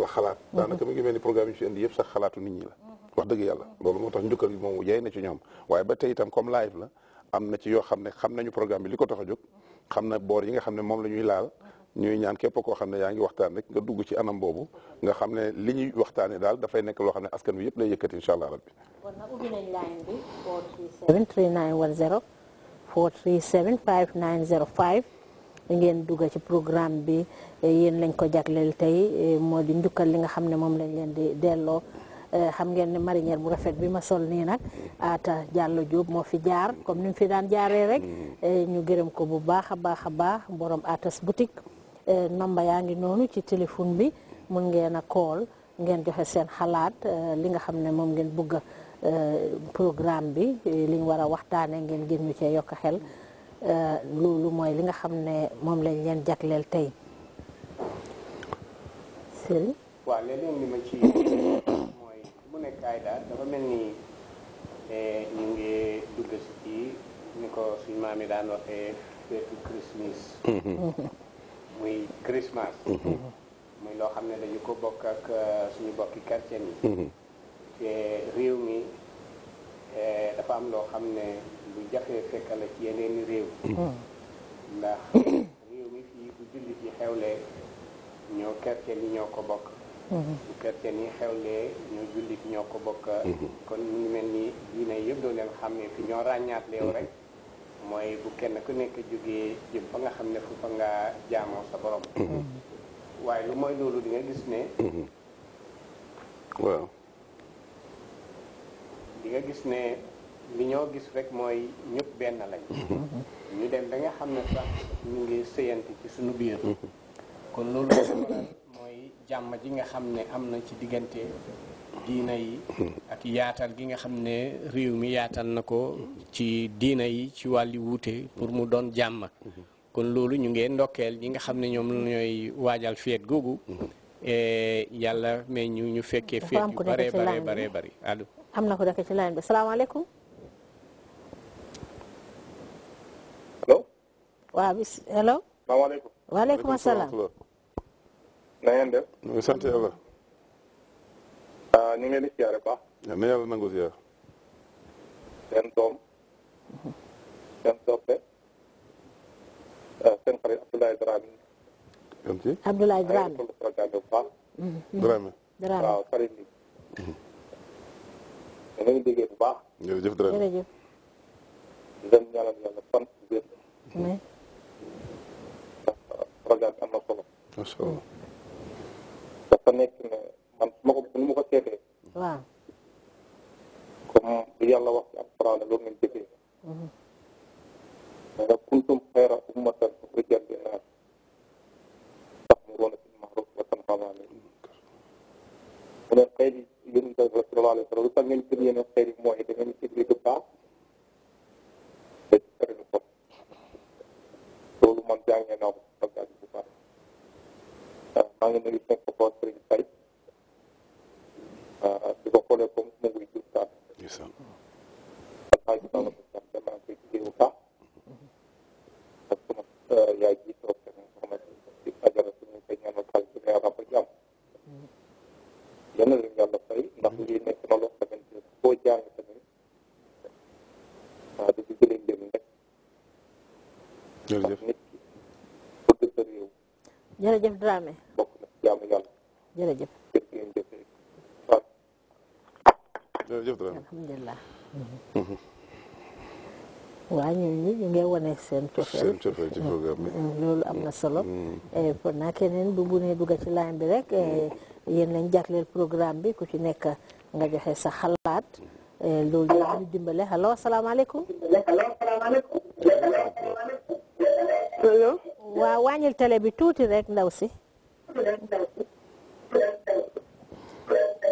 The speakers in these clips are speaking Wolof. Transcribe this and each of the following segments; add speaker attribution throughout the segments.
Speaker 1: la xalaat daanaka mi ngi mel ni programme yi fi indi yëpp sax xalaatu nit ñi la wax dëgg yàlla loolu moo tax njukkal gi moom yaay na ci ñoom waaye ba tey itam comme live la am na ci yoo xam ne xam nañu programme bi li ko tax a jóg xam na boor yi nga xam ne moom la ñuy laal ñuy ñaan képp koo xam ne yaa ngi waxtaan rek nga dugg ci anam boobu nga xam ne li ñuy waxtaanee daal dafay nekk loo xam ne askan wi yëpp lay yëkkati incha allah rabbi
Speaker 2: kon nag ubbi nañ
Speaker 3: line bi 437
Speaker 2: 3910 437 5905 ngeen dugg ci programme bi eh, yéen lañ ko jagleel tey eh, moo di njukkal li nga xam ne moom lañ leen di delloo eh, xam ngeen ne marinière bu rafet bi ma sol nii nag Aata Diallo jóob moo fi jaar comme ni fi daan jaaree rek ñu gërëm ko bu baax a baax a baax borom Atas boutique nomba yaa ngi noonu ci téléphone bi mun ngeen a call ngeen joxe seen xalaat li nga xam ne moom ngeen bëgg programme bi li ñu war a waxtaanee ngeen gën ñu ci yokk xel. Euh, loolu mooy li nga xam ne moom lañ leen jagleel tey Serigne.
Speaker 4: waaw léeg-léeg li ma ci mooy bu nekk ay daal dafa mel ni eh, ñu ngi dugg si kii ni ko suñu maam yi daan waxee feetu Christmas. Mm-hmm. muy Christmas. Mm-hmm. muy loo xam ne dañu ko bokk ak eh, suñu bokki chrétien yi. Mm-hmm. te réew mi. Eh, dafa am loo xam ne lu jafee fekkale ci yeneen réew hmm. ndax réew mi fii bu jullit yi xewlee ñoo kercen yi ñoo ko bokk hmm. bu kercen yi xewlee ñoo jullit ñoo ko bokk hmm. kon mu ngi mel ni diine yëpp doo leen xàmmee fi ñoo ràññaat leew rek mooy bu kenn ku nekk jóge jëm fa nga xam ne fu fa nga jaamoo sa borom waaye lu mooy loolu di gis ne waaw di nga gis ne li ñoo gis rek mooy ñëpp benn lañ mhm. ñu dem ba xam ne sax ñu ngi sëyante ci suñu biir mhm. kon loolu mooy jàmm ji nga xam ne am na ci diggante diina yi mhm. ak yaatal gi nga xam ne réew mi yaatal na ko ci diina yi ci wàlli wuute pour mu doon jàmm kon loolu ñu ngee ndokkeel ñi nga xam ne ñoom ñooy waajal feet googu eh, yàlla mais ñu ñu fekkee feet yu bare bare bare bari allo
Speaker 2: أمنا خداك شلائم السلام عليكم Hello وابس
Speaker 5: Hello السلام عليكم وعليكم السلام نعم ده
Speaker 1: نسنت يلا
Speaker 5: ااا نيجي نسيا ربا
Speaker 1: نعم يلا نعوزيا
Speaker 5: سنتوم سنتوبة سن آه، خير عبد الله إدرامي
Speaker 1: كم تي عبد الله إدرامي درامي
Speaker 5: درامي خير da ngay déggee bu baax. jërëjëf dara jërëjëf. dem ñaanal yàlla fan wér. ndax rajo am na solo. macha allah. dafa nekk ne man su ko nu ma ko seetee. waaw. comme lu yàlla wax ci alquran loolu ngeen kuntum ummatan bil wa tanhawna anil munkar yonent bi sallallahu alayhi wa sallam lu tax ngeen kër yéen xeer yi mooy da ngeen ciblé lu baax da ci tere lu bon loolu man jàngee naa ko bagage bu baax ah, maa ngi nuyu seen papa Serigne Faye ah, di ko xoolee comme mu ngi jur saa alxaaji Babacar Sam damaa koy jigéen bu baax ak sama euh, yaay ji yàlla na yàlla fay ndax lii nekk na loo xamante ni koo jàng tamit
Speaker 2: ah, waaw ñi ñu ngi seen cofeel seen cofeel mm, loolu am na solo. Mm. Eh, kon naa keneen bu bu ne ci line bi rek. Eh, mm. yéen lañ jagleel programme bi ku ci nekk nga joxe sa xalaat eh, loolu dina ñu dimbale allo asalaamaaleykum. allo. waaw wàññil télé bi tuuti rek ndaw si.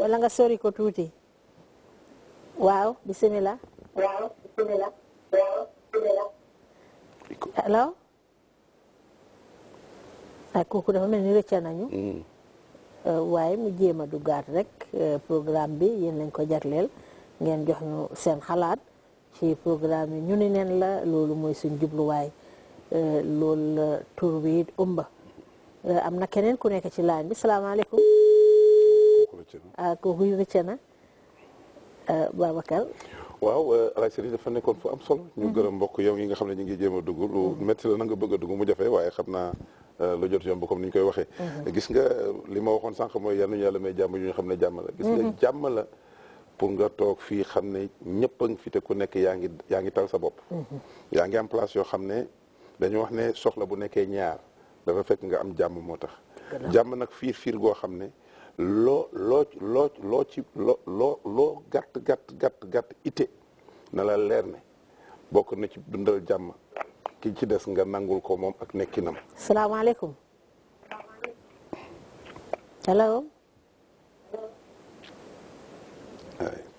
Speaker 2: wala nga sori ko tuuti. waaw bisimilah.
Speaker 3: waaw bisimilah.
Speaker 2: allo. kooku dafa mel ni rëcca nañu. Mm. Euh, waaye mu jéem a duggaat rek euh, programme bi yéen lañ ko jagleel ngeen jox ñu seen xalaat ci programme yi ñu ni nen la loolu mooy suñ jubluwaay euh, loolu la tur bi umba am na keneen ku nekk ci laan bi salaamaaleykum ah kooku yu wëcce na Babacar
Speaker 1: waaw El euh, Hadj Serigne dafa nekkoon fu am solo. ñu mhm. gërëm mbokk yow yi nga xam ne ñu ngi jéem a dugg lu métti mhm. la na nga bëgg a dugg jafe waaye xam naa euh, lu jot yomb comme ni ñu koy waxee. Mhm. gis nga li ma waxoon sànq mooy yal nañu yàlla may jàmm yu ñu xam ne jàmm la. pour nga toog fii xam ne ñëpp fi te ku nekk yaa ngi yaa ngi tal sa bopp. yaa ngi yoo xam ne dañu wax ne soxla bu nekkee ñaar dafa fekk nga am jàmm moo tax. jàmm nag fiir fiir goo xam ne loo loo loo loo ci loo loo loo gàtt ite na la leer ne bokk na ci dundal jàmm ki ci des nga nangul ko moom ak nekkinam.
Speaker 2: salaamaaleykum. hello.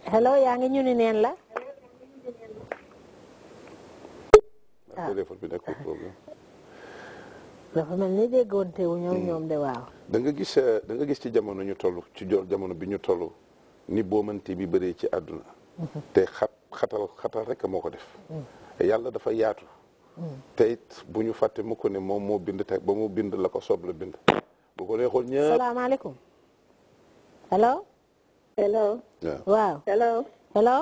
Speaker 2: hello yaa ngi ñu neen la.
Speaker 1: téléphone bi nekkul
Speaker 2: dafa mel ni déggoonte wu ñoom hmm. ñoom de waaw.
Speaker 1: da gis eh, da gis ci jamono ñu toll ci jamono bi ñu toll ni boomante bi bëree ci àdduna. Hmm. te xatal xatal rek moo ko def. Hmm. yàlla dafa yaatu. te it bu ñu fàtte mu ko ne moom moo bind te ba mu bind la ko soob la bind. bu ko neexoon ñëpp
Speaker 2: salaamaaleykum. allo. allo. waaw allo. allo.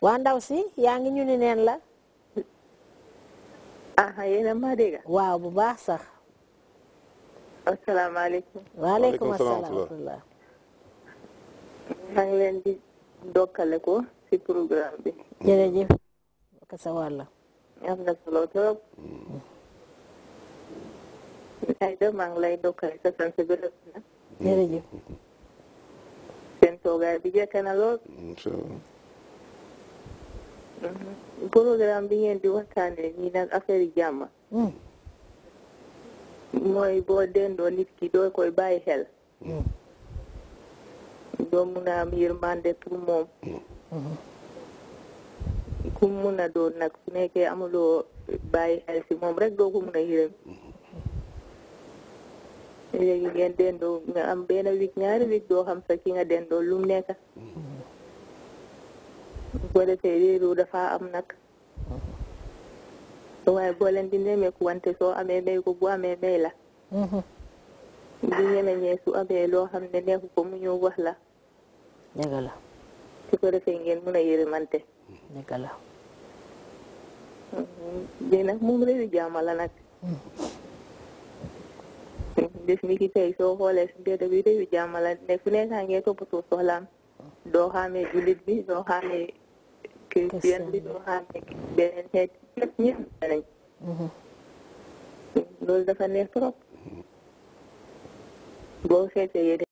Speaker 2: waa ndaw si yaa ngi ñu ni neen la. aha yéen a ma dégg waaw bu baax sax
Speaker 3: asalaamaaleykum waaleykum asalaam maa ngi leen di dokkale ko ci programme bi jërëjëf ka sa wàlla am na ngi lay dokkale sa sant bi rëb na jërëjëf seen bi jekk na lool Puro gran bien, yo bastante, ni nada hace de llama. No hay boden, no ni siquiera hay que bajar. Yo me una mi hermana de pulmón. Mm. Uh -huh. Como una dona, como que amo lo bajar, si me hombre, yo como una hija. Mm. Y yo me entiendo, me han venido a vignar, yo me han sacado de lo que me boo defee réeru dafa am nag waaye boo leen di nemmeeku wante soo amee may ko bu amee may la bu ñemeñee su amee loo xam ne neexu ko mu ñëw wax la la su ko defee ngeen mën a yërëmante dëgg la bii nag moom réewu nag def mi ki tey soo xoolee su mbedd bi réewu jàmm la ne fu nekkaa ngee toppatoo soxlaam doo xaamee jullit bi doo xaamee christian bi doo xam ne beneen xeet